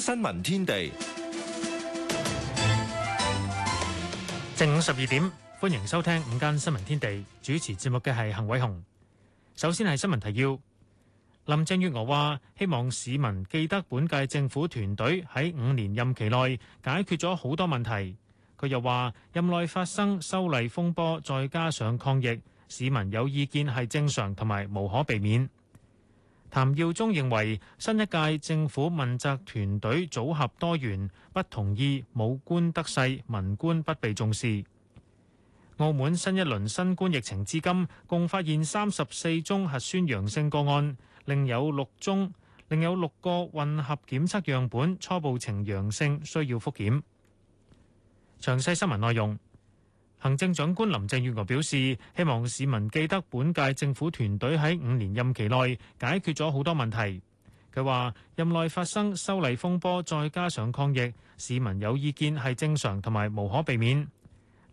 新聞天地，正午十二點，歡迎收聽午間新聞天地。主持節目嘅係幸偉雄。首先係新聞提要。林鄭月娥話：希望市民記得本屆政府團隊喺五年任期內解決咗好多問題。佢又話：任內發生修例風波，再加上抗疫，市民有意見係正常同埋無可避免。譚耀宗認為新一屆政府問責團隊組合多元，不同意武官得勢，文官不被重視。澳門新一輪新冠疫情至今共發現三十四宗核酸陽性個案，另有六宗，另有六個混合檢測樣本初步呈陽性，需要復檢。詳細新聞內容。行政長官林鄭月娥表示，希望市民記得本屆政府團隊喺五年任期內解決咗好多問題。佢話：任內發生修例風波，再加上抗疫，市民有意見係正常同埋無可避免。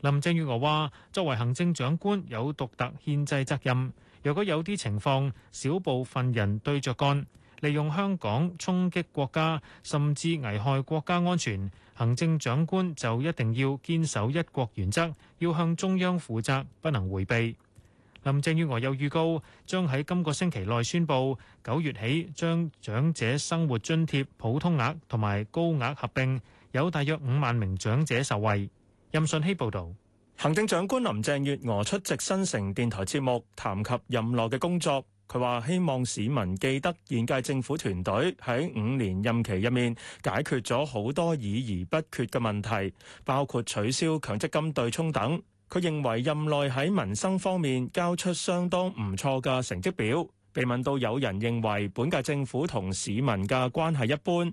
林鄭月娥話：作為行政長官，有獨特憲制責任。若果有啲情況，少部分人對着幹。利用香港衝擊國家，甚至危害國家安全，行政長官就一定要堅守一國原則，要向中央負責，不能回避。林鄭月娥又預告，將喺今個星期內宣布，九月起將長者生活津貼普通額同埋高額合併，有大約五萬名長者受惠。任信希報道。行政長官林鄭月娥出席新城電台節目，談及任內嘅工作。佢話：希望市民記得現屆政府團隊喺五年任期入面解決咗好多議而不決嘅問題，包括取消強積金對沖等。佢認為任內喺民生方面交出相當唔錯嘅成績表。被問到有人認為本屆政府同市民嘅關係一般，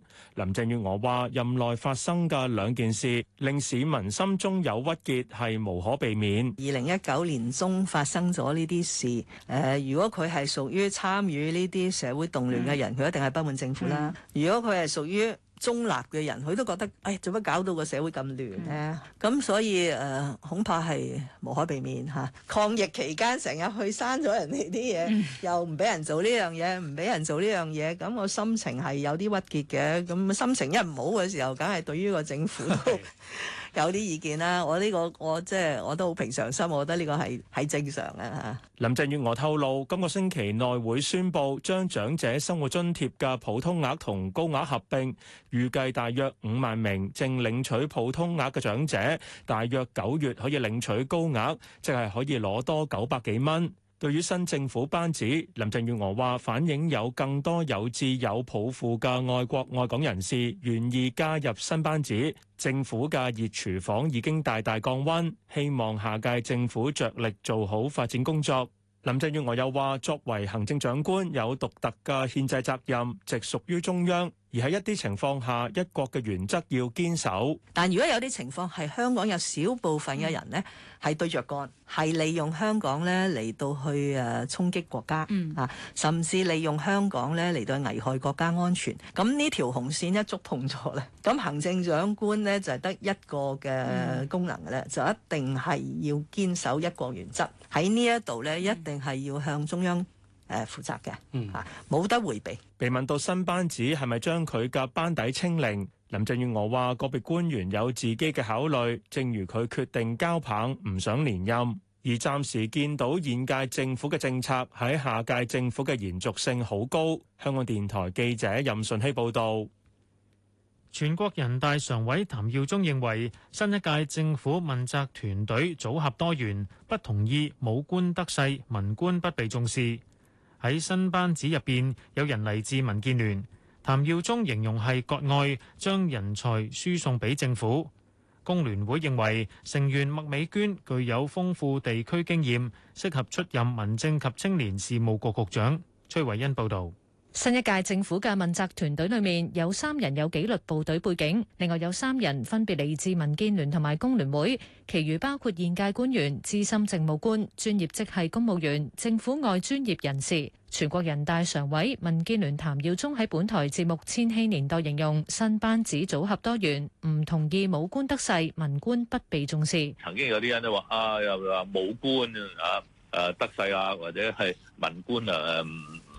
林鄭月娥話任內發生嘅兩件事令市民心中有鬱結係無可避免。二零一九年中發生咗呢啲事，誒、呃，如果佢係屬於參與呢啲社會動亂嘅人，佢的一定係不滿政府啦。的如果佢係屬於中立嘅人，佢都覺得，誒、哎，做乜搞到個社會咁亂咧？咁、嗯、所以誒、呃，恐怕係無可避免嚇、啊。抗疫期間成日去刪咗人哋啲嘢，嗯、又唔俾人做呢樣嘢，唔俾人做呢樣嘢，咁我心情係有啲鬱結嘅。咁心情一唔好嘅時候，梗係對於個政府。的 有啲意見啦，我呢個我即係我都好平常心，我覺得呢個係係正常嘅嚇。林鄭月娥透露，今個星期內會宣布將長者生活津貼嘅普通額同高額合並，預計大約五萬名正領取普通額嘅長者，大約九月可以領取高額，即係可以攞多九百幾蚊。對於新政府班子，林鄭月娥話反映有更多有志有抱負嘅愛國愛港人士願意加入新班子，政府嘅熱廚房已經大大降溫，希望下屆政府着力做好發展工作。林鄭月娥又話，作為行政長官，有獨特嘅憲制責任，直屬於中央。而喺一啲情況下，一國嘅原則要堅守。但如果有啲情況係香港有少部分嘅人呢係對着幹，係利用香港呢嚟到去誒衝擊國家，嗯、啊，甚至利用香港呢嚟到危害國家安全。咁呢條紅線一觸碰咗咧，咁行政長官呢就係得一個嘅功能嘅咧，就一定係要堅守一國原則。喺呢一度呢，一定係要向中央。誒負責嘅，嚇冇得迴避。被問到新班子係咪將佢嘅班底清零，林鄭月娥話：個別官員有自己嘅考慮，正如佢決定交棒，唔想連任。而暫時見到現屆政府嘅政策喺下屆政府嘅延續性好高。香港電台記者任順希報導。全國人大常委譚耀宗認為，新一屆政府問責團隊組合多元，不同意武官得勢，文官不被重視。喺新班子入邊，有人嚟自民建聯。譚耀宗形容係割愛，將人才輸送俾政府。工聯會認為成員麥美娟具有豐富地區經驗，適合出任民政及青年事務局局長，崔維恩報道。新一屆政府嘅問責團隊裡面有三人有紀律部隊背景，另外有三人分別嚟自民建聯同埋工聯會。其餘包括現屆官員、資深政務官、專業職系公務員、政府外專業人士。全國人大常委民建聯譚耀宗喺本台節目千禧年代形容新班子組合多元，唔同意武官得勢，文官不被重視。曾經有啲人都話啊，又話武官啊，呃得勢啊，或者係文官啊。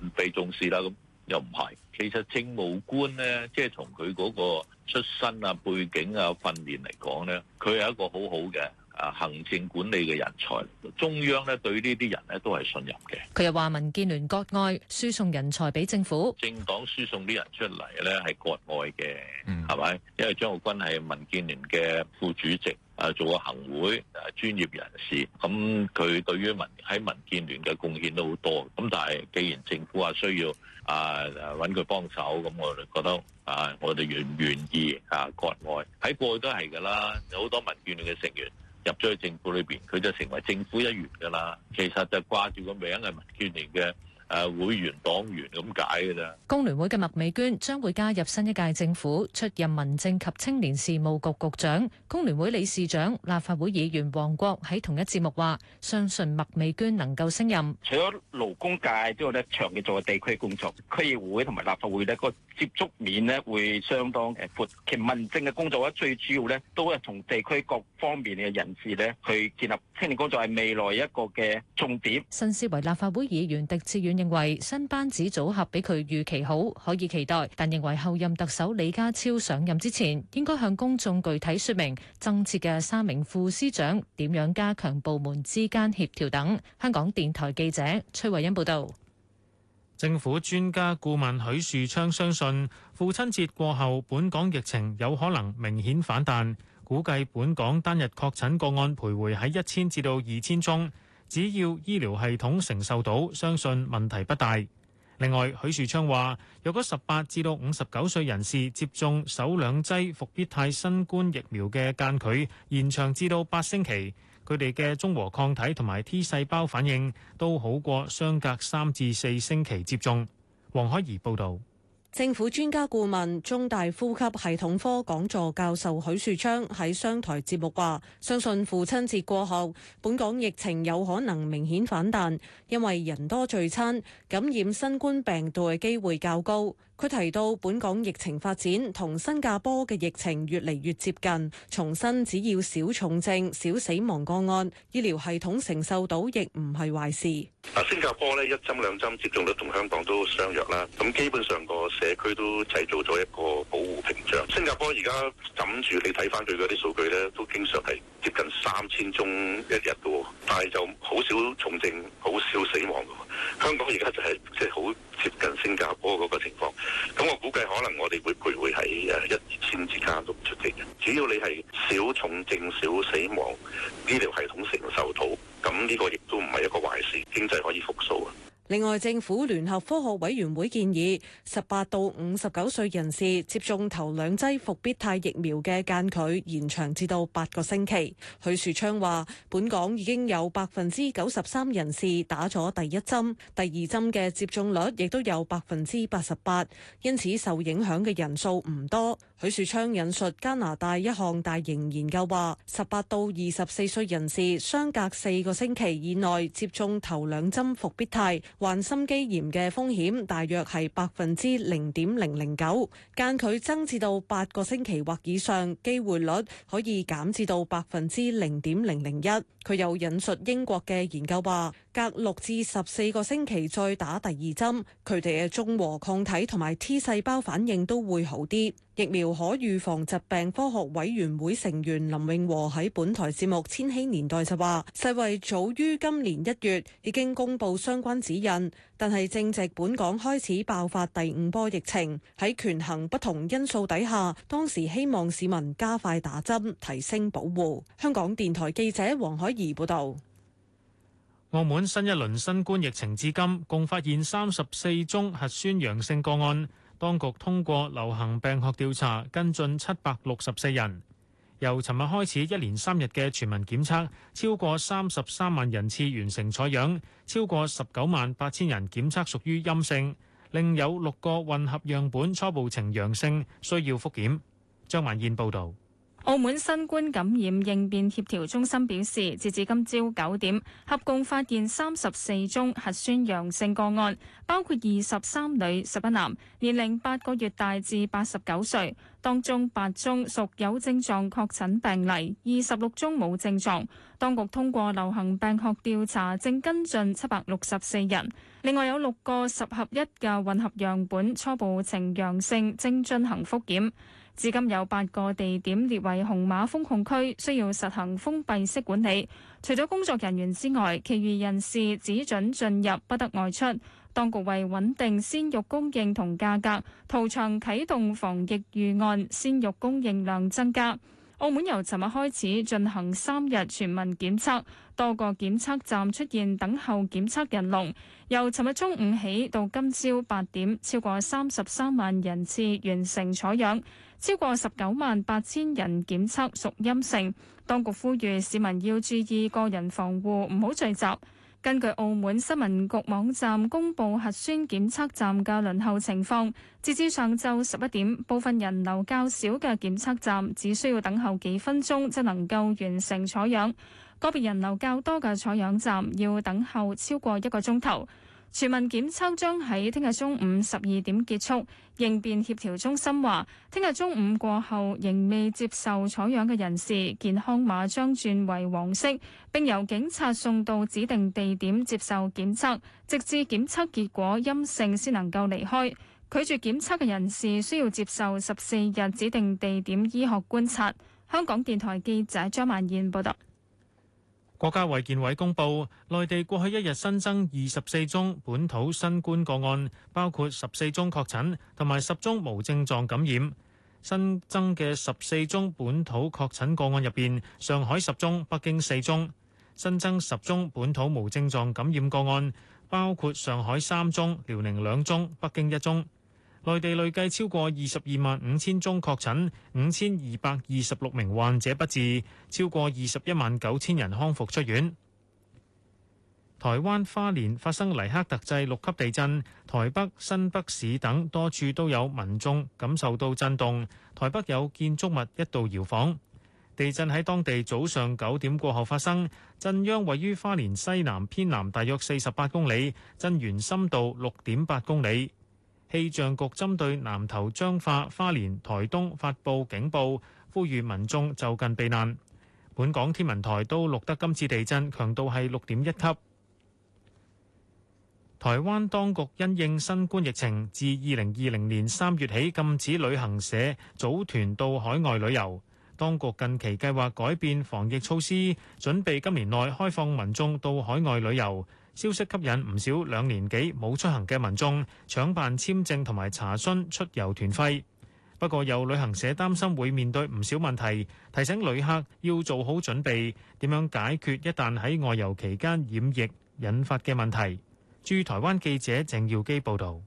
唔被重視啦，噉又唔係。其實政務官呢，即係從佢嗰個出身呀、背景呀、訓練嚟講呢，佢係一個好好嘅。啊！行政管理嘅人才，中央咧，對呢啲人咧都係信任嘅。佢又話民建聯割愛輸送人才俾政府，政黨輸送啲人出嚟咧，係割愛嘅，係咪嗯？因為張國鈞係民建聯嘅副主席，啊做過行會啊專業人士，咁，啊，佢對於民喺民建聯嘅貢獻都好多。咁，啊，但係既然政府話需要啊揾佢幫手，咁，啊，我就覺得啊，我哋願唔願意啊割愛國外喺過去都係㗎啦，有好多民建聯嘅成員。入咗去政府裏邊，佢就成為政府一員㗎啦。其實就掛住個名係民建聯嚟嘅。誒會員黨員咁解嘅啫？工聯會嘅麥美娟將會加入新一屆政府出任民政及青年事務局局長，工聯會理事長、立法會議員黃國喺同一節目話：相信麥美娟能夠勝任。除咗勞工界之外咧，長期做嘅地區工作，區議會同埋立法會咧個接觸面咧會相當誒闊。其實民政嘅工作咧最主要咧都係同地區各方面嘅人士咧去建立青年工作係未來一個嘅重點。新思維立法會議員狄志遠。認為新班子組合比佢預期好，可以期待，但認為後任特首李家超上任之前，應該向公眾具體說明增設嘅三名副司長點樣加強部門之間協調等。香港電台記者崔慧欣報道。政府專家顧問許樹昌相信，父親節過後，本港疫情有可能明顯反彈，估計本港單日確診個案徘徊喺一千至到二千宗。只要醫療系統承受到，相信問題不大。另外，許樹昌話：若果十八至到五十九歲人士接種首兩劑復必泰新冠疫苗嘅間距延長至到八星期，佢哋嘅中和抗體同埋 T 細胞反應都好過相隔三至四星期接種。黃海怡報導。政府專家顧問、中大呼吸系統科講座教授許樹昌喺商台節目話：相信父親節過後，本港疫情有可能明顯反彈，因為人多聚餐，感染新冠病毒嘅機會較高。佢提到，本港疫情發展同新加坡嘅疫情越嚟越接近，重申只要少重症、少死亡個案，醫療系統承受到亦唔係壞事。啊，新加坡呢一針兩針接種率同香港都相若啦，咁基本上個社區都製造咗一個保護屏障。新加坡而家枕住你睇翻佢嗰啲數據咧，都經常係接近三千宗一日嘅，但係就好少重症，好少死亡嘅。香港而家就係即係好。接近新加坡嗰個情況，咁我估計可能我哋會徘徊喺誒一二千之間都唔出奇，只要你係少重症，少死亡，醫療系統承受到，咁呢個亦都唔係一個壞事，經濟可以復甦啊。另外，政府聯合科學委員會建議十八到五十九歲人士接種頭兩劑復必泰疫苗嘅間距延長至到八個星期。許樹昌話本港已經有百分之九十三人士打咗第一針，第二針嘅接種率亦都有百分之八十八，因此受影響嘅人數唔多。許樹昌引述加拿大一項大型研究話十八到二十四歲人士相隔四個星期以內接種頭兩針復必泰。患心肌炎嘅風險大約係百分之零點零零九，間距增至到八個星期或以上，機會率可以減至到百分之零點零零一。佢又引述英國嘅研究話，隔六至十四個星期再打第二針，佢哋嘅中和抗體同埋 T 細胞反應都會好啲。疫苗可預防疾病科學委員會成員林永和喺本台節目《千禧年代》就話，世衛早於今年一月已經公布相關指引，但係正值本港開始爆發第五波疫情，喺權衡不同因素底下，當時希望市民加快打針，提升保護。香港電台記者黃海怡報導。澳門新一輪新冠疫情至今共發現三十四宗核酸陽性個案，當局通過流行病學調查跟進七百六十四人。由尋日開始一連三日嘅全民檢測，超過三十三萬人次完成採樣，超過十九萬八千人檢測屬於陰性，另有六個混合樣本初步呈陽性，需要復檢。張萬燕報導。澳門新冠感染應變協調中心表示，截至今朝九點，合共發現三十四宗核酸陽性個案，包括二十三女十一男，年齡八個月大至八十九歲。當中八宗屬有症狀確診病例，二十六宗冇症狀。當局通過流行病學調查，正跟進七百六十四人。另外有六個十合一嘅混合樣本初步呈陽性，正進行復檢。至今有八個地點列為紅碼封控區，需要實行封閉式管理。除咗工作人員之外，其餘人士只准進入，不得外出。當局為穩定鮮肉供應同價格，屠場啟動防疫預案，鮮肉供應量增加。澳門由尋日開始進行三日全民檢測，多個檢測站出現等候檢測人龍。由尋日中午起到今朝八點，超過三十三萬人次完成採樣。超過十九萬八千人檢測屬陰性，當局呼籲市民要注意個人防護，唔好聚集。根據澳門新聞局網站公佈核酸檢測站嘅輪候情況，截至上晝十一點，部分人流較少嘅檢測站只需要等候幾分鐘就能夠完成採樣，個別人流較多嘅採樣站要等候超過一個鐘頭。全民檢測將喺聽日中午十二點結束。應變協調中心話，聽日中午過後仍未接受採樣嘅人士，健康碼將轉為黃色，並由警察送到指定地點接受檢測，直至檢測結果陰性先能夠離開。拒絕檢測嘅人士需要接受十四日指定地點醫學觀察。香港電台記者張曼燕報道。國家衛健委公布，內地過去一日新增二十四宗本土新冠個案，包括十四宗確診同埋十宗無症狀感染。新增嘅十四宗本土確診個案入邊，上海十宗，北京四宗；新增十宗本土無症狀感染個案，包括上海三宗、遼寧兩宗、北京一宗。內地累計超過二十二萬五千宗確診，五千二百二十六名患者不治，超過二十一萬九千人康復出院。台灣花蓮發生黎克特制六級地震，台北、新北市等多處都有民眾感受到震動，台北有建築物一度搖晃。地震喺當地早上九點過後發生，震央位於花蓮西南偏南大約四十八公里，震源深度六點八公里。氣象局針對南投、彰化、花蓮、台東發佈警報，呼籲民眾就近避難。本港天文台都錄得今次地震強度係六點一級。台灣當局因應新冠疫情，自2020年三月起禁止旅行社組團到海外旅遊。當局近期計劃改變防疫措施，準備今年內開放民眾到海外旅遊。消息吸引唔少兩年幾冇出行嘅民眾搶辦簽證同埋查詢出遊團費不過有旅行社擔心會面對唔少問題提醒旅客要做好準備點樣解決一旦喺外遊期間染疫引發嘅問題駐台灣記者鄭耀基報道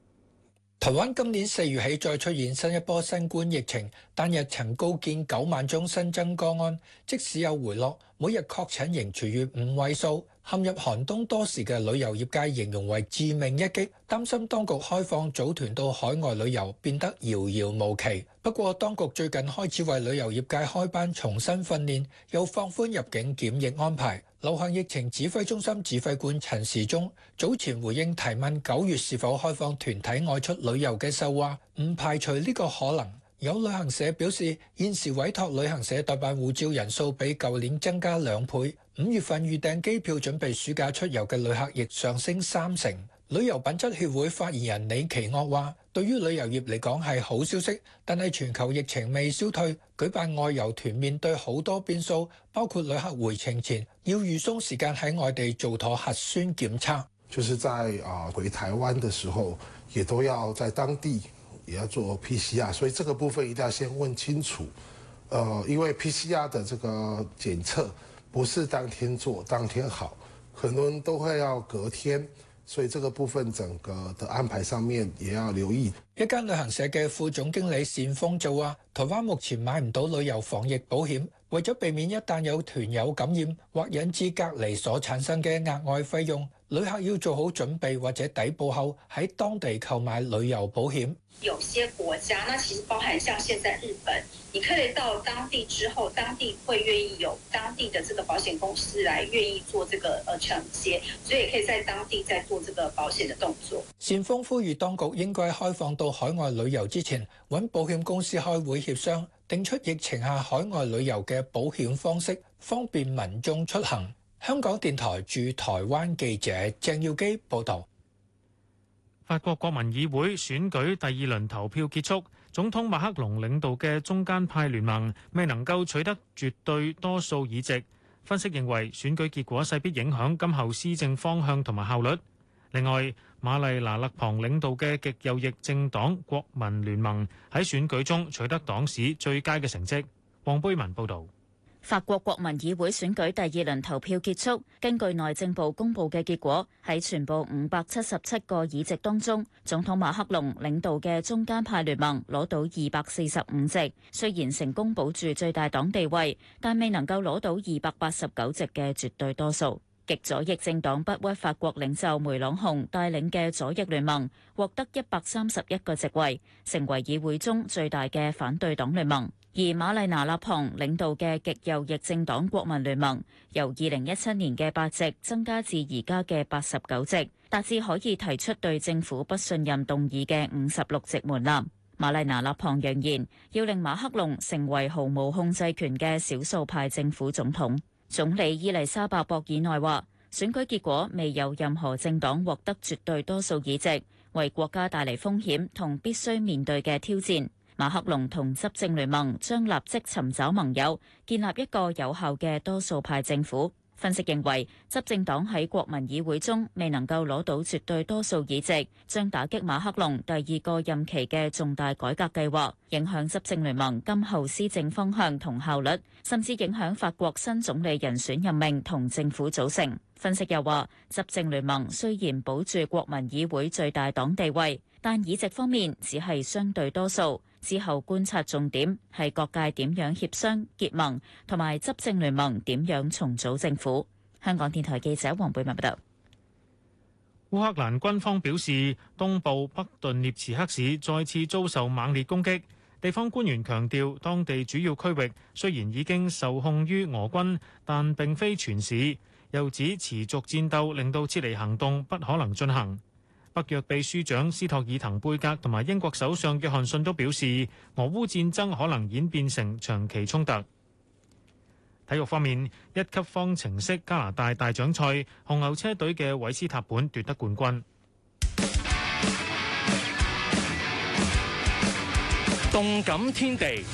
台灣今年四月起再出現新一波新冠疫情單日曾高見九萬宗新增個案即使有回落每日確診仍處於五位數陷入寒冬多時嘅旅遊業界形容為致命一擊，擔心當局開放組團到海外旅遊變得遙遙無期。不過當局最近開始為旅遊業界開班重新訓練，又放寬入境檢疫安排。流行疫情指揮中心指揮官陳時中早前回應提問：九月是否開放團體外出旅遊嘅秀話，唔排除呢個可能。有旅行社表示，現時委託旅行社代辦護照人數比舊年增加兩倍，五月份預訂機票準備暑假出遊嘅旅客亦上升三成。旅遊品質協會發言人李奇岳話：，對於旅遊業嚟講係好消息，但係全球疫情未消退，舉辦外遊團面對好多變數，包括旅客回程前要預鬆時間喺外地做妥核酸檢測，就是在啊、呃、回台灣嘅時候，亦都要在當地，也要做 PCR，所以這個部分一定要先問清楚。呃，因為 PCR 的這個檢測不是當天做，當天好，很多人都會要隔天，所以這個部分整個的安排上面也要留意。一間旅行社嘅副總經理善峰就話，台灣目前買唔到旅遊防疫保險，為咗避免一旦有團友感染或引致隔離所產生嘅額外費用。旅客要做好準備，或者抵埗後喺當地購買旅遊保險。有些國家，那其實包含像現在日本，你可以到當地之後，當地會願意有當地的這個保險公司來願意做這個呃承接，所以也可以在當地再做這個保險嘅動作。善豐呼籲當局應該開放到海外旅遊之前，搵保險公司開會協商，定出疫情下海外旅遊嘅保險方式，方便民眾出行。香港電台駐台灣記者鄭耀基報道。法國國民議會選舉第二輪投票結束，總統馬克龍領導嘅中間派聯盟未能夠取得絕對多數議席。分析認為選舉結果勢必影響今後施政方向同埋效率。另外，瑪麗娜勒龐領導嘅極右翼政黨國民聯盟喺選舉中取得黨史最佳嘅成績。黃貝文報道。法國國民議會選舉第二輪投票結束，根據內政部公布嘅結果，喺全部五百七十七個議席當中，總統馬克龍領導嘅中間派聯盟攞到二百四十五席，雖然成功保住最大黨地位，但未能夠攞到二百八十九席嘅絕對多數。極左翼政黨不屈法國領袖梅朗雄帶領嘅左翼聯盟獲得一百三十一個席位，成為議會中最大嘅反對黨聯盟。而瑪麗娜勒龐領導嘅極右翼政黨國民聯盟，由二零一七年嘅八席增加至而家嘅八十九席，達至可以提出對政府不信任動議嘅五十六席門檻。瑪麗娜勒龐揚言，要令馬克龍成為毫無控制權嘅少數派政府總統。總理伊麗莎白博爾內話：選舉結果未有任何政黨獲得絕對多數議席，為國家帶嚟風險同必須面對嘅挑戰。馬克龍同執政聯盟將立即尋找盟友，建立一個有效嘅多數派政府。分析認為，執政黨喺國民議會中未能夠攞到絕對多數議席，將打擊馬克龍第二個任期嘅重大改革計劃，影響執政聯盟今後施政方向同效率，甚至影響法國新總理人選任命同政府組成。分析又話，執政聯盟雖然保住國民議會最大黨地位，但議席方面只係相對多數。之後觀察重點係各界點樣協商結盟，同埋執政聯盟點樣重組政府。香港電台記者黃貝文報道。烏克蘭軍方表示，東部北頓涅茨克市再次遭受猛烈攻擊。地方官員強調，當地主要區域雖然已經受控於俄軍，但並非全市。又指持續戰鬥令到撤離行動不可能進行。北約秘書長斯托爾滕貝格同埋英國首相約翰遜都表示，俄烏戰爭可能演變成長期衝突。體育方面，一級方程式加拿大大獎賽，紅牛車隊嘅韋斯塔本奪得冠軍。動感天地。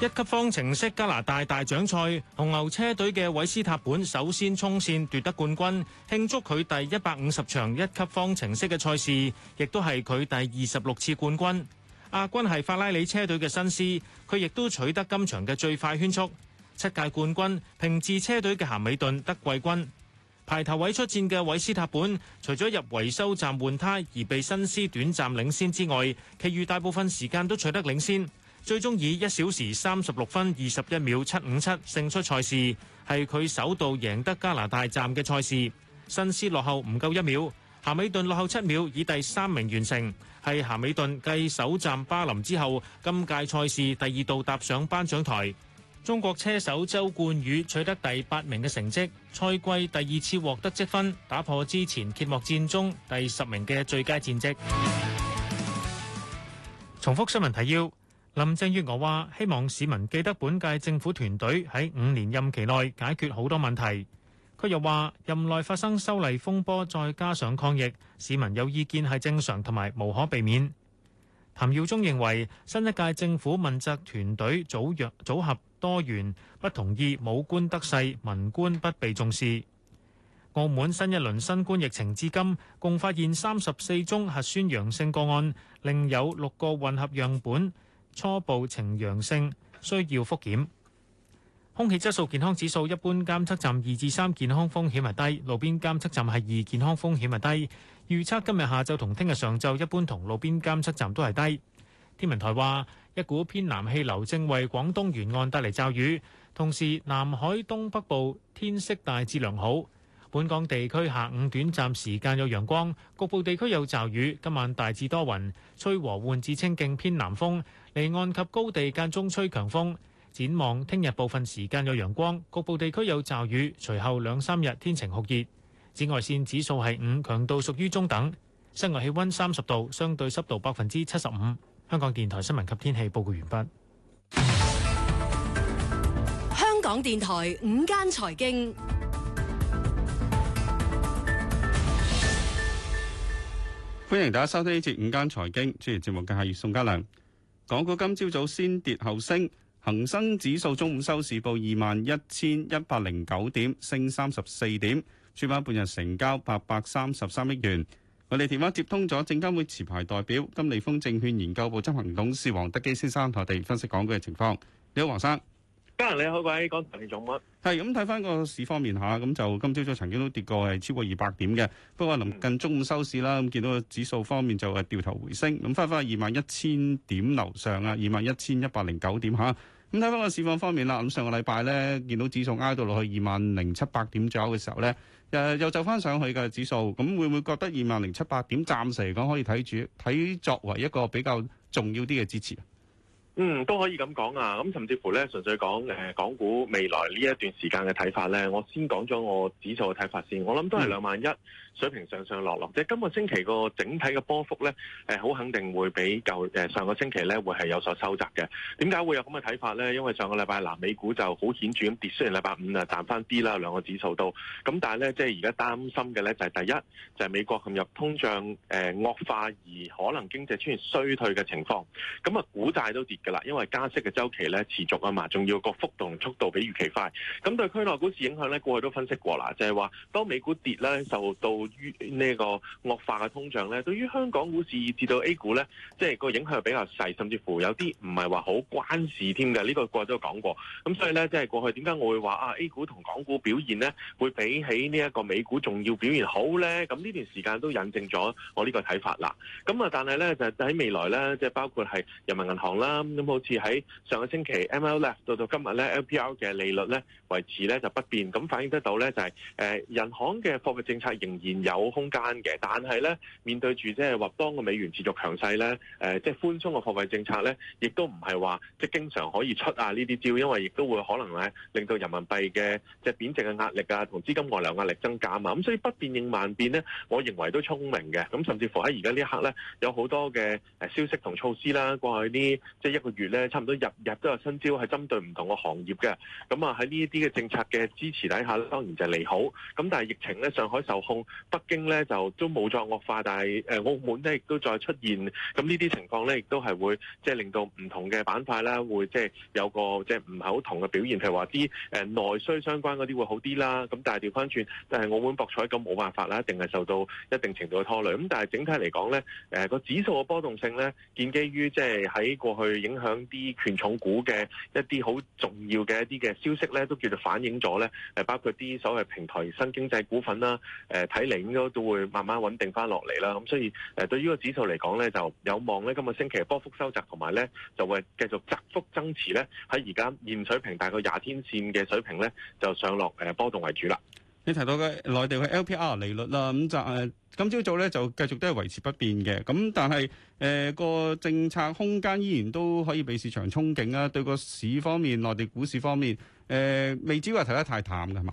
一級方程式加拿大大獎賽，紅牛車隊嘅韋斯塔本首先衝線奪得冠軍，慶祝佢第一百五十場一級方程式嘅賽事，亦都係佢第二十六次冠軍。亞軍係法拉利車隊嘅新思，佢亦都取得今場嘅最快圈速。七屆冠軍平治車隊嘅咸美頓得季軍。排頭位出戰嘅韋斯塔本，除咗入維修站換胎而被新思短暫領先之外，其餘大部分時間都取得領先。最終以一小時三十六分二十一秒七五七勝出賽事，係佢首度贏得加拿大站嘅賽事。辛斯落後唔夠一秒，咸美頓落後七秒，以第三名完成，係咸美頓繼首站巴林之後，今屆賽事第二度踏上頒獎台。中國車手周冠宇取得第八名嘅成績，賽季第二次獲得積分，打破之前揭幕戰中第十名嘅最佳戰績。重複新聞提要。林鄭月娥話：希望市民記得，本屆政府團隊喺五年任期內解決好多問題。佢又話：任內發生修例風波，再加上抗疫，市民有意見係正常，同埋無可避免。譚耀宗認為新一屆政府問責團隊組約組合多元，不同意武官得勢，文官不被重視。澳門新一輪新冠疫情至今共發現三十四宗核酸陽性個案，另有六個混合樣本。初步呈陽性，需要複檢。空氣質素健康指數一般監測站二至三，健康風險係低；路邊監測站係二，健康風險係低。預測今日下晝同聽日上晝一般同路邊監測站都係低。天文台話，一股偏南氣流正為廣東沿岸帶嚟驟雨，同時南海東北部天色大致良好。本港地區下午短暫時間有陽光，局部地區有驟雨。今晚大致多雲，吹和緩至清勁偏南風，離岸及高地間中吹強風。展望聽日部分時間有陽光，局部地區有驟雨，隨後兩三日天晴酷熱。紫外線指數係五，強度屬於中等。室外氣溫三十度，相對濕度百分之七十五。香港電台新聞及天氣報告完畢。香港電台午間財經。歡迎大家收聽呢節午間財經，主持節目嘅係宋家良。港股今朝早，早先跌後升，恒生指數中午收市報二萬一千一百零九點，升三十四點，主板半日成交八百三十三億元。我哋電話接通咗證監會持牌代表金利豐證券研究部執行董事黃德基先生，同我哋分析港股嘅情況。你好，黃生。家人你好鬼，各位，剛才你做乜？係咁睇翻個市方面嚇，咁就今朝早曾經都跌過係超過二百點嘅，不過臨近中午收市啦，咁見到個指數方面就係掉頭回升，咁翻翻去二萬一千點樓上啊，二萬一千一百零九點嚇。咁睇翻個市況方面啦，咁上個禮拜咧見到指數挨到落去二萬零七百點左右嘅時候咧，誒又就翻上去嘅指數，咁會唔會覺得二萬零七百點暫時嚟講可以睇住睇作為一個比較重要啲嘅支持？嗯，都可以咁講啊！咁、嗯、甚至乎咧，純粹講誒、呃、港股未來呢一段時間嘅睇法咧，我先講咗我指數嘅睇法先。我諗都係兩萬一水平上上落落。即係今個星期個整體嘅波幅咧，誒、呃、好肯定會比舊誒上個星期咧會係有所收窄嘅。點解會有咁嘅睇法咧？因為上個禮拜嗱美股就好顯著咁跌，雖然禮拜五啊彈翻啲啦兩個指數都。咁但係咧，即係而家擔心嘅咧就係、是、第一就係、是、美國陷入通脹誒惡化而可能經濟出現衰退嘅情況咁啊，股債都跌。嘅啦，因為加息嘅周期咧持續啊嘛，仲要個幅度速度比預期快，咁對區內股市影響咧，過去都分析過啦，就係話當美股跌咧，受到於呢個惡化嘅通脹咧，對於香港股市至到 A 股咧，即係個影響比較細，甚至乎有啲唔係話好關事添嘅。呢個過都講過，咁所以咧，即係過去點解我會話啊 A 股同港股表現咧，會比起呢一個美股重要表現好咧？咁呢段時間都引證咗我呢個睇法啦。咁啊，但係咧就喺未來咧，即係包括係人民銀行啦。咁好似喺上個星期，MLF 到到今日咧，LPR 嘅利率咧維持咧就不變，咁反映得到咧就係誒人行嘅貨幣政策仍然有空間嘅，但係咧面對住即係話當個美元持續強勢咧，誒即係寬鬆嘅貨幣政策咧，亦都唔係話即係經常可以出啊呢啲招，因為亦都會可能咧令到人民幣嘅即係貶值嘅壓力啊同資金外流壓力增加嘛，咁所以不變應萬變咧，我認為都聰明嘅，咁甚至乎喺而家呢一刻咧，有好多嘅誒消息同措施啦，過去啲即係一個月咧，差唔多日日都有新招，係針對唔同嘅行業嘅。咁啊喺呢一啲嘅政策嘅支持底下咧，當然就係利好。咁但係疫情咧，上海受控，北京咧就都冇再惡化，但係誒澳門咧亦都再出現咁呢啲情況咧，亦都係會即係令到唔同嘅板塊啦，會即係有個即係唔係好同嘅表現。譬如話啲誒內需相關嗰啲會好啲啦。咁但係掉返轉，但係澳門博彩咁冇辦法啦，一定係受到一定程度嘅拖累。咁但係整體嚟講咧，誒、呃、個指數嘅波動性咧，建基於即係喺過去。影響啲權重股嘅一啲好重要嘅一啲嘅消息咧，都叫做反映咗咧。誒，包括啲所謂平台新經濟股份啦，誒、呃，睇嚟應該都會慢慢穩定翻落嚟啦。咁所以誒，對於個指數嚟講咧，就有望咧，今日星期波幅收窄，同埋咧就會繼續窄幅增持咧。喺而家現水平大概廿天綫嘅水平咧，就上落誒波動為主啦。你提到嘅內地嘅 LPR 利率啦，咁就誒、呃，今朝早咧就繼續都係維持不變嘅。咁但係誒、呃、個政策空間依然都可以俾市場憧憬啦、啊。對個市方面，內地股市方面，誒、呃、未至於話睇得太淡嘅，係嘛？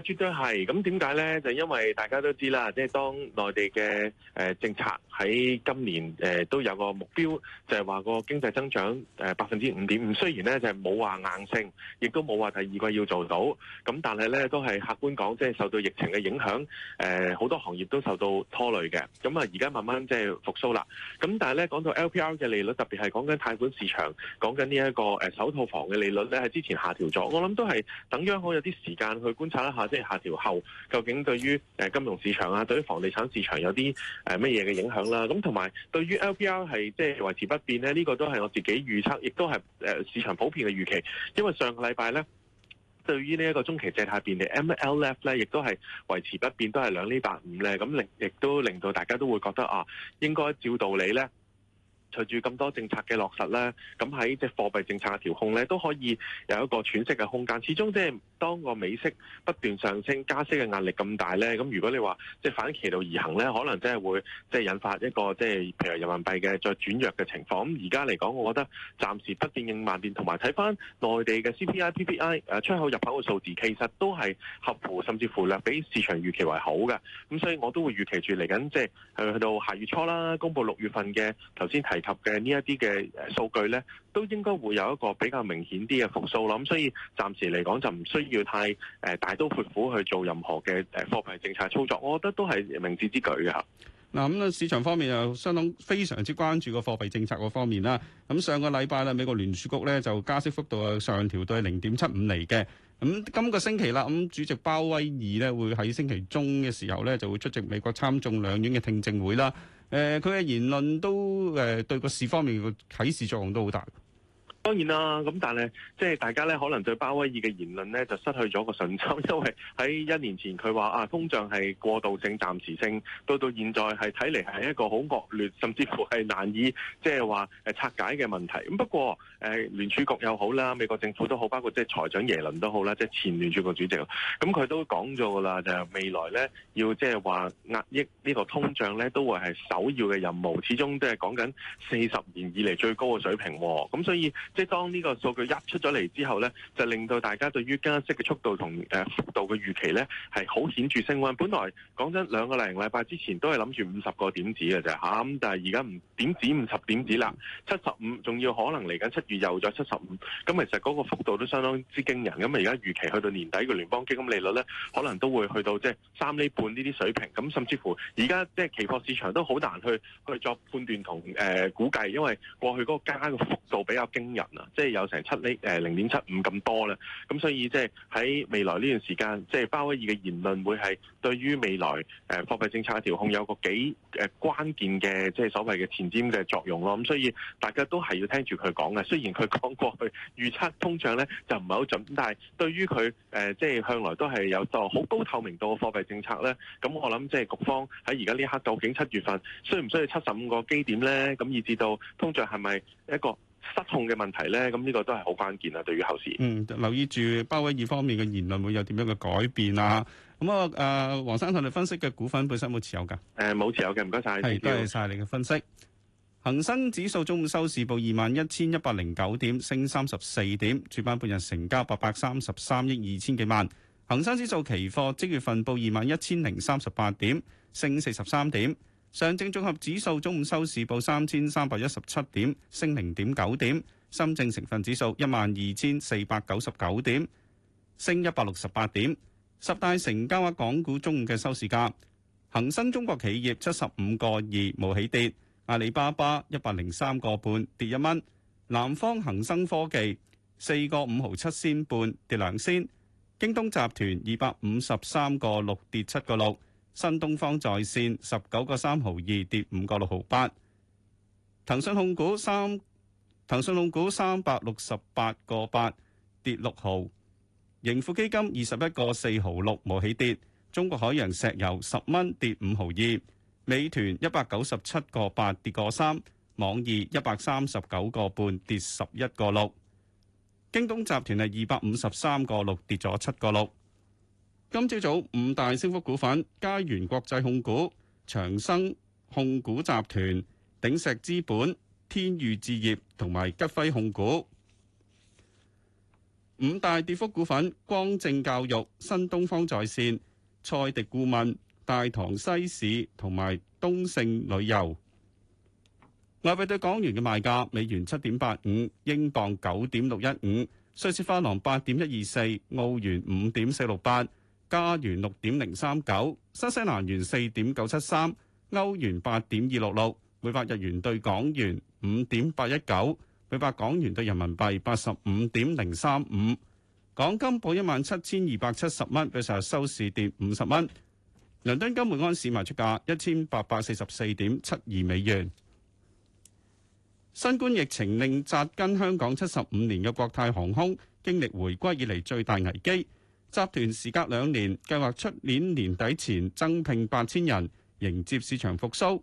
絕對係。咁點解呢？就因為大家都知啦，即係當內地嘅誒政策喺今年誒都有個目標，就係話個經濟增長誒百分之五點五。雖然呢，就係冇話硬性，亦都冇話第二季要做到。咁但係呢，都係客觀講，即係受到疫情嘅影響，誒好多行業都受到拖累嘅。咁啊而家慢慢即係復甦啦。咁但係呢，講到 LPR 嘅利率，特別係講緊貸款市場，講緊呢一個誒首套房嘅利率呢係之前下調咗。我諗都係等央行有啲時間去觀察一下。即係下調後，究竟對於誒金融市場啊，對於房地產市場有啲誒乜嘢嘅影響啦？咁同埋對於 LPR 係即係維持不變咧，呢、這個都係我自己預測，亦都係誒市場普遍嘅預期。因為上個禮拜咧，對於呢一個中期借貸便利 MLF 咧，亦都係維持不變，都係兩厘八五咧。咁令亦都令到大家都會覺得啊，應該照道理咧。隨住咁多政策嘅落實咧，咁喺即係貨幣政策嘅調控咧，都可以有一個喘息嘅空間。始終即係當個美息不斷上升、加息嘅壓力咁大咧，咁如果你話即係反其道而行咧，可能即係會即係引發一個即係譬如人民幣嘅再轉弱嘅情況。咁而家嚟講，我覺得暫時不變應萬變，同埋睇返內地嘅 CPI、PPI 誒出口入口嘅數字，其實都係合乎甚至乎略比市場預期為好嘅。咁所以我都會預期住嚟緊即係去去到下月初啦，公布六月份嘅頭先提提及嘅呢一啲嘅數據咧，都應該會有一個比較明顯啲嘅復蘇啦。咁所以暫時嚟講，就唔需要太誒大刀闊斧去做任何嘅誒貨幣政策操作，我覺得都係明智之舉嘅吓。嗱咁啊，市場方面又相當非常之關注個貨幣政策嗰方面啦。咁上個禮拜咧，美國聯儲局咧就加息幅度啊上調到零點七五厘嘅。咁今個星期啦，咁主席鮑威爾呢會喺星期中嘅時候咧就會出席美國參眾兩院嘅聽證會啦。誒佢嘅言論都誒、呃、對個事方面個啟示作用都好大。當然啦，咁但係即係大家咧，可能對鮑威爾嘅言論咧就失去咗個信心，因為喺一年前佢話，啊通脹係過渡性暫時性，到到現在係睇嚟係一個好惡劣，甚至乎係難以即係話誒拆解嘅問題。咁不過誒、呃、聯儲局又好啦，美國政府都好，包括即係財長耶倫都好啦，即係前聯儲局主席，咁佢都講咗噶啦，就係未來咧要即係話壓抑呢個通脹咧，都會係首要嘅任務。始終都係講緊四十年以嚟最高嘅水平喎，咁所以。即係當呢個數據一出咗嚟之後呢，就令到大家對於加息嘅速度同誒幅度嘅預期呢係好顯著升溫。本來講真兩個零禮拜之前都係諗住五十個點子嘅啫嚇，咁、啊、但係而家唔點止五十點子啦，七十五仲要可能嚟緊七月又再七十五。咁其實嗰個幅度都相當之驚人。咁啊而家預期去到年底嘅聯邦基金利率呢，可能都會去到即係三厘半呢啲水平。咁甚至乎而家即係期貨市場都好難去去作判斷同誒、呃、估計，因為過去嗰個加嘅幅度比較驚人。即係有成七厘，誒零點七五咁多啦。咁所以即係喺未來呢段時間，即係鮑威爾嘅言論會係對於未來誒貨幣政策嘅調控有個幾誒關鍵嘅，即係所謂嘅前瞻嘅作用咯。咁所以大家都係要聽住佢講嘅。雖然佢講過去預測通脹咧就唔係好準，但係對於佢誒即係向來都係有個好高透明度嘅貨幣政策咧。咁我諗即係局方喺而家呢一刻，究竟七月份需唔需要七十五個基點咧？咁以至到通脹係咪一個失控嘅問題呢，咁呢個都係好關鍵啊！對於後市，嗯，留意住鮑威爾方面嘅言論會有點樣嘅改變啊！咁啊，誒、呃，黃生同你分析嘅股份本，本身冇持有㗎？誒、呃，冇持有嘅，唔該晒。係，多謝晒你嘅分析。恒生指數中午收市報二萬一千一百零九點，升三十四點。主板半日成交八百三十三億二千幾萬。恒生指數期貨即月份報二萬一千零三十八點，升四十三點。上證綜合指數中午收市報三千三百一十七點，升零點九點；深證成分指數一萬二千四百九十九點，升一百六十八點。十大成交額港股中午嘅收市價：恒生中國企業七十五個二冇起跌；阿里巴巴一百零三個半跌一蚊；南方恒生科技四個五毫七仙半跌兩仙；京東集團二百五十三個六跌七個六。新東方在線十九個三毫二跌五個六毫八，騰訊控股三騰訊控股三百六十八個八跌六毫，盈富基金二十一個四毫六冇起跌，中國海洋石油十蚊跌五毫二，美團一百九十七個八跌個三，網易一百三十九個半跌十一個六，京東集團係二百五十三個六跌咗七個六。今朝早五大升幅股份：佳源國際控股、長生控股集團、鼎石資本、天譽置業同埋吉輝控股。五大跌幅股份：光正教育、新東方在綫、賽迪顧問、大唐西市同埋東盛旅遊。外幣對港元嘅賣價：美元七點八五，英鎊九點六一五，瑞士法郎八點一二四，澳元五點四六八。加元六點零三九，新西蘭元四點九七三，歐元八點二六六，每百日元兌港元五點八一九，每百港元兌人民幣八十五點零三五。港金報一萬七千二百七十蚊，比上日收市跌五十蚊。倫敦金每安士賣出價一千八百四十四點七二美元。新冠疫情令紮根香港七十五年嘅國泰航空經歷回歸以嚟最大危機。增聘8000人迎接市場復蘇。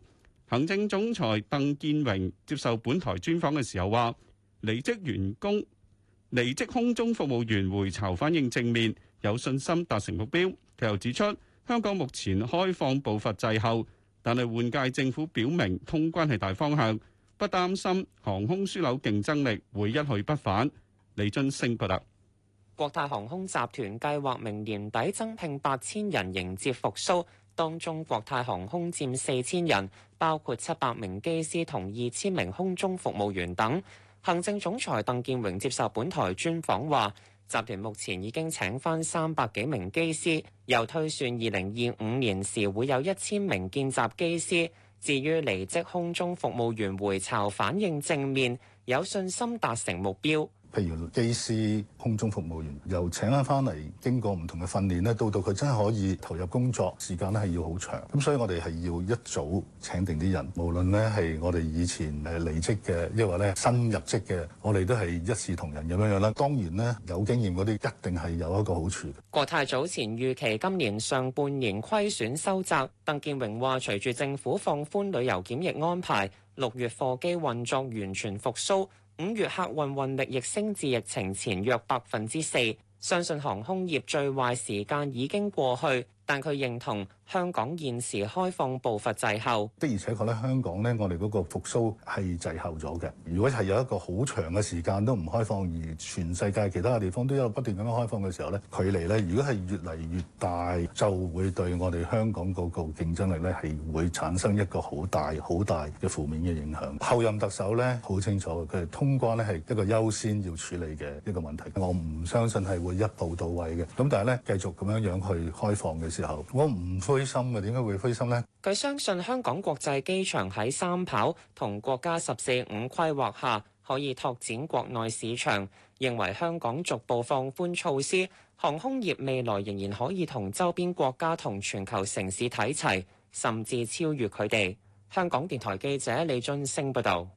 國泰航空集團計劃明年底增聘八千人迎接復甦，當中國泰航空佔四千人，包括七百名機師同二千名空中服務員等。行政總裁鄧健榮接受本台專訪話，集團目前已經請翻三百幾名機師，又推算二零二五年時會有一千名見習機師。至於離職空中服務員回巢反應正面，有信心達成目標。譬如機師、空中服務員，由請翻翻嚟，經過唔同嘅訓練咧，到到佢真係可以投入工作，時間咧係要好長。咁所以我哋係要一早請定啲人，無論咧係我哋以前誒離職嘅，抑或咧新入職嘅，我哋都係一視同仁咁樣樣啦。當然咧，有經驗嗰啲一定係有一個好處。國泰早前預期今年上半年虧損收窄，鄧建榮話：隨住政府放寬旅遊檢疫安排，六月貨機運作完全復甦。五月客運運力亦升至疫情前約百分之四，相信航空業最壞時間已經過去，但佢認同。香港現時開放步伐滯後。的而且確，香港咧，我哋嗰個復甦係滯後咗嘅。如果係有一個好長嘅時間都唔開放，而全世界其他嘅地方都一路不斷咁樣開放嘅時候咧，距離咧，如果係越嚟越大，就會對我哋香港嗰個競爭力咧係會產生一個好大好大嘅負面嘅影響。後任特首咧，好清楚，佢係通關咧係一個優先要處理嘅一個問題。我唔相信係會一步到位嘅。咁但係咧，繼續咁樣樣去開放嘅時候，我唔。開心嘅，點解會開心咧？佢相信香港國際機場喺三跑同國家十四五規劃下，可以拓展國內市場。認為香港逐步放寬措施，航空業未來仍然可以同周邊國家同全球城市睇齊，甚至超越佢哋。香港電台記者李俊升報導。